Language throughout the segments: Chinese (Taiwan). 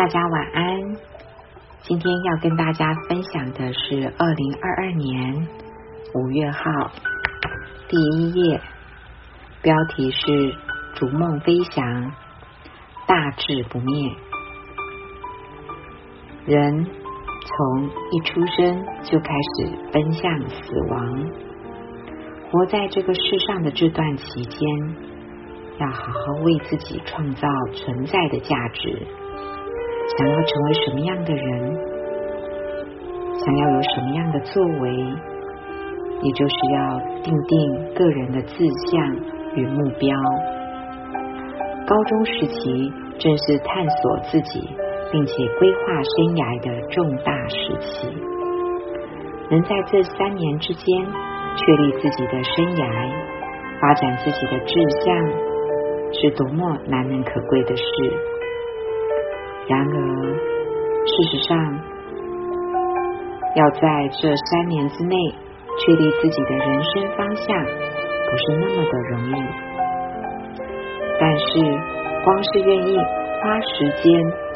大家晚安。今天要跟大家分享的是二零二二年五月號第一頁，標題是“逐夢飛翔，大志不滅”。人從一出生就開始奔向死亡，活在這個世上的這段期間，要好好為自己創造存在的價值。想要成為什麼樣的人，想要有什麼樣的作為，也就是要定定個人的志向與目標。高中時期正是探索自己並且規劃生涯的重大時期，能在這三年之間確立自己的生涯、發展自己的志向，是多麼難能可貴的事。然而，事實上，要在這三年之內確立自己的人生方向，不是那麼的容易。但是，光是願意花時間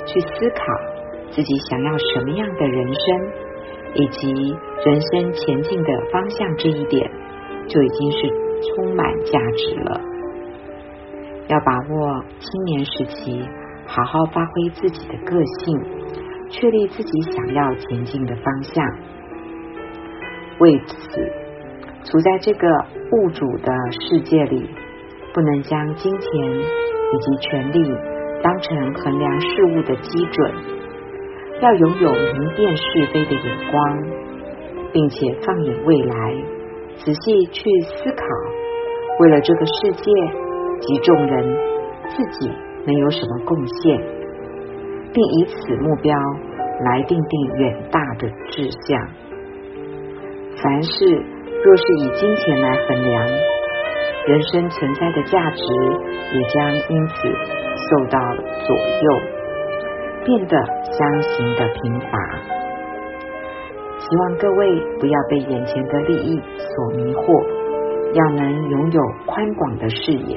去思考自己想要什麼樣的人生，以及人生前進的方向這一點，就已經是充滿價值了。要把握青年時期。好好發揮自己的個性，確立自己想要前進的方向。為此，處在這個物主的世界裡，不能將金錢以及權力當成衡量事物的基準，要擁有明辨是非的眼光，並且放眼未來，仔細去思考，為了這個世界及眾人，自己，沒有什麼貢獻，並以此目標來定定遠大的志向。凡事若是以金錢來衡量，人生存在的價值也將因此受到左右，變得相形的貧乏。希望各位不要被眼前的利益所迷惑，要能擁有寬廣的視野、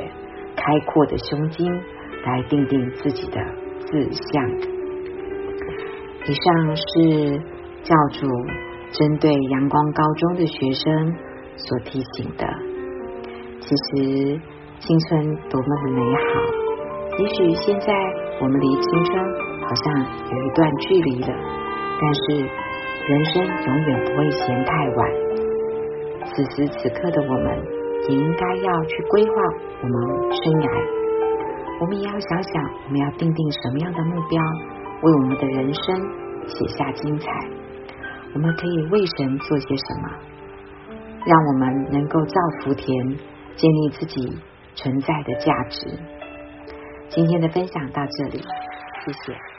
開闊的胸襟。來定定自己的志向。以上是教主針對陽光高中的學生所提醒的。其實青春多麼的美好，也許現在我們離青春好像有一段距離了，但是人生永遠不會嫌太晚。此時此刻的我們，也應該要去規劃我們生涯。我們也要想想，我們要訂定什麼樣的目標，為我們的人生寫下精彩。我們可以為神做些什麼，讓我們能夠造福田，建立自己存在的價值。今天的分享到這裡，謝謝。